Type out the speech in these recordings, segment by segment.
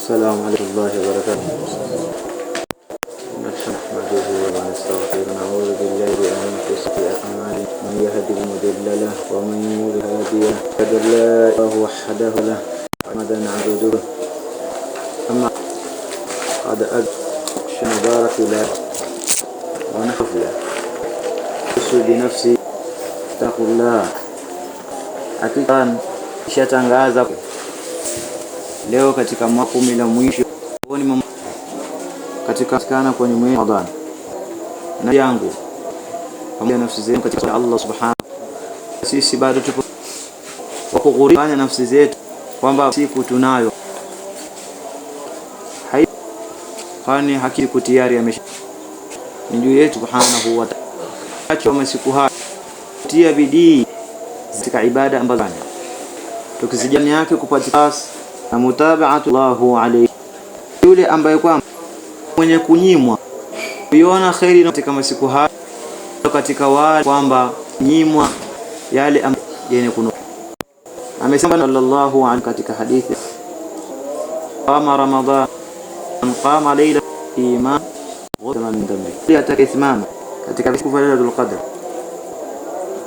السلام عليكم الله وبركاته نحمده ونستغفره ونعوذ بالله من شرور أعمالنا من يهده المضل له ومن يضلل هادي أشهد أن لا إله وحده له محمدا عبده أما قد أدش مبارك له ونحف له بنفسي اتقوا الله hakika nishatangaza leo katika mwaka kumi la mwisho kuoni katika kwenye mwezi Ramadhani na yangu pamoja na nafsi zetu katika Allah subhanahu sisi bado tupo wakughuria nafsi zetu kwamba siku tunayo hai kwani hakika tayari amesha ni juu yetu subhanahu wa ta'ala acha masiku haya tia bidii katika ibada ambazo tukizijani yake kupata na mutabaatu Allahu alayhi, yule ambaye kwamba mwenye kunyimwa kuiona kheri katika masiku haya, katika wale kwamba nyimwa yale yenye kunufa. Amesema sallallahu alayhi katika hadithi kama ramadhan man qama layla iman ghufira min dhanbi, atakayesimama katika siku ya Lailatul Qadr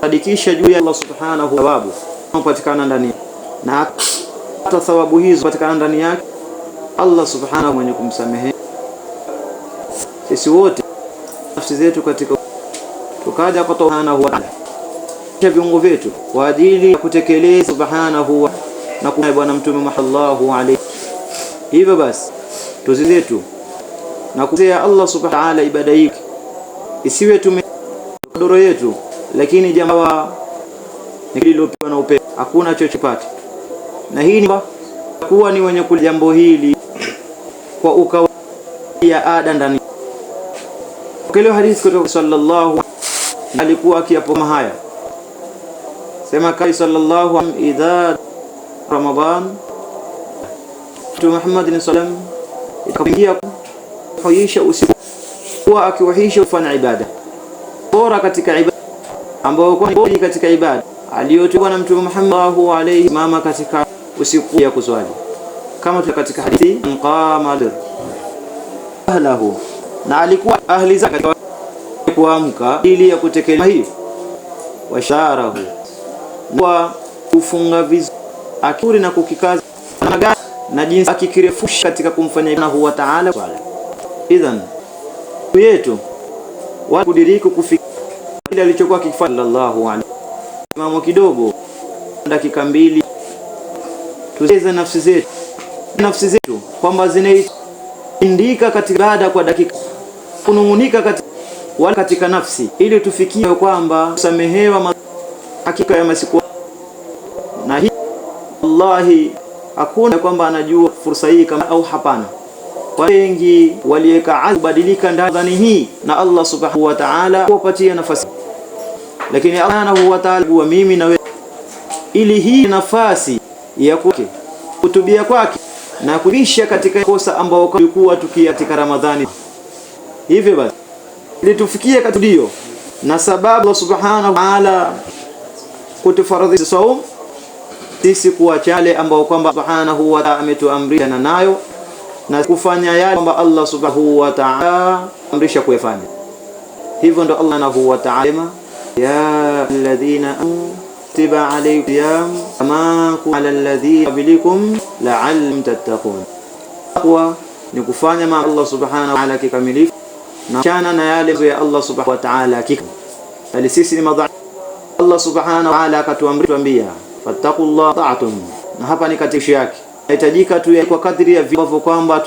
sadikisha juu ya Allah subhanahu wa ta'ala, unapatikana ndani na kupata thawabu hizo patikana ndani yake Allah subhanahu mwenye kumsamehe sisi wote nafsi zetu katika tukaja kwa subhanahu huwa ta'ala viungo vyetu kwa ajili ya kutekeleza subhanahu wa na kwa bwana mtume Muhammad alayhi hivyo basi tuzi zetu na kuzea Allah subhanahu wa ta'ala ibada yake isiwe tume doro yetu lakini jamaa nililopewa na upepo hakuna chochote na hii ni kuwa ni wenye kulijambo hili kwa ukawa ya ada ndani Kile hadithi kutoka sallallahu alikuwa akiapo mahaya sema kai sallallahu idha Ramadan tu Muhammad sallam ikapingia kuhisha usiku kwa akiwahisha kufanya ibada bora katika ibada ambayo kwa katika ibada aliyotoa na Mtume Muhammad sallallahu alayhi mama katika usiku ya kuswali kama tu katika hadithi mqama ahlahu, na alikuwa ahli zake kuamka ili ya kutekeleza hiyo washarahu wa kufunga vizuri akuri na kukikaza na, na jinsi akikirefusha katika kumfanya na huwa Ta'ala. swala Idhan yetu wa kudiriki kufika kile alichokuwa akifanya sallallahu alaihi wasallam kidogo dakika mbili tuzeze nafsi zetu nafsi zetu kwamba zinaindika katika baada kwa dakika kunung'unika katika, wala katika nafsi ili tufikie kwamba kusamehewa hakika ya masiku na hii wallahi hakuna kwamba anajua fursa hii kama au hapana. Wengi waliweka kubadilika ndani hii, na Allah subhanahu wa ta'ala kuwapatia nafasi, lakini Allah subhanahu wa ta'ala mimi na wewe, ili hii nafasi ya kwake kutubia kwake na kuisha katika kosa ambao tulikuwa tukia katika Ramadhani. Hivyo basi litufikie tufikie katudio na sababu Allah subhanahu wa ta'ala kutufaradhi saum sisi kuwa chale ambao kwamba subhanahu wa ta'ala ametuamrisha nayo na kufanya yale kwamba Allah subhanahu wa ta'ala amrisha kuyafanya. Hivyo ndo Allah subhanahu wa ta'ala ya alladhina amanu kutiba alaykum siyam kama ala alladhi qablikum la'allakum tattaqun. Takwa ni kufanya ma Allah subhanahu wa ta'ala kikamilifu na chana na yale ya Allah subhanahu wa ta'ala kikamilifu. Bali sisi ni madhaifu. Allah subhanahu wa ta'ala akatuambia fattaqullaha ta'atum, na hapa ni katika yake inahitajika tu kwa kadri ya vile kwamba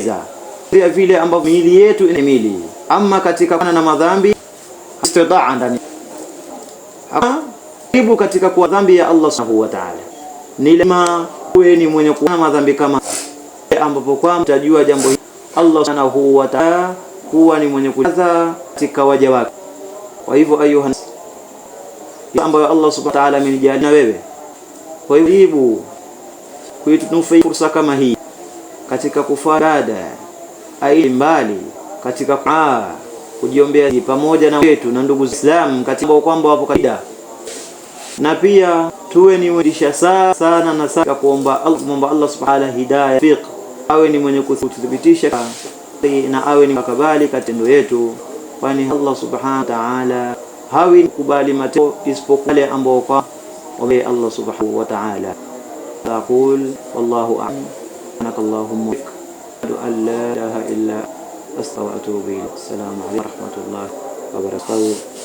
ya vile ambavyo miili yetu inamili, ama katika kana na madhambi istidaa ndani Taratibu katika kuwa dhambi ya Allah subhanahu wa ta'ala, ni lazima uwe ni mwenye kuona madhambi kama ambapo kwa mtajua jambo hili Allah subhanahu wa ta'ala huwa ni mwenye kujaza katika waja wake. Kwa hivyo ayuha ambayo Allah subhanahu wa ta'ala amenijali na wewe, kwa hivyo jibu kuitunufaia fursa kama hii katika kufarada aili mbali katika kujiombea pamoja na wetu na ndugu Islam katika kwamba wapo kaida na pia tuwe ni mwendisha saa sana na sana kuomba Allah, Allah subhanahu hidayah fiq awe ni mwenye kuthibitisha na awe ni makabali katendo yetu, kwani Allah subhanahu wa ta'ala hawi kubali matendo isipokuwa wale ambao kwa wale Allah subhanahu wa ta'ala taqul wallahu a'lam anakallahumma an la ilaha illa أستغفر وأتوب إليه alaykum wa ورحمة wa barakatuh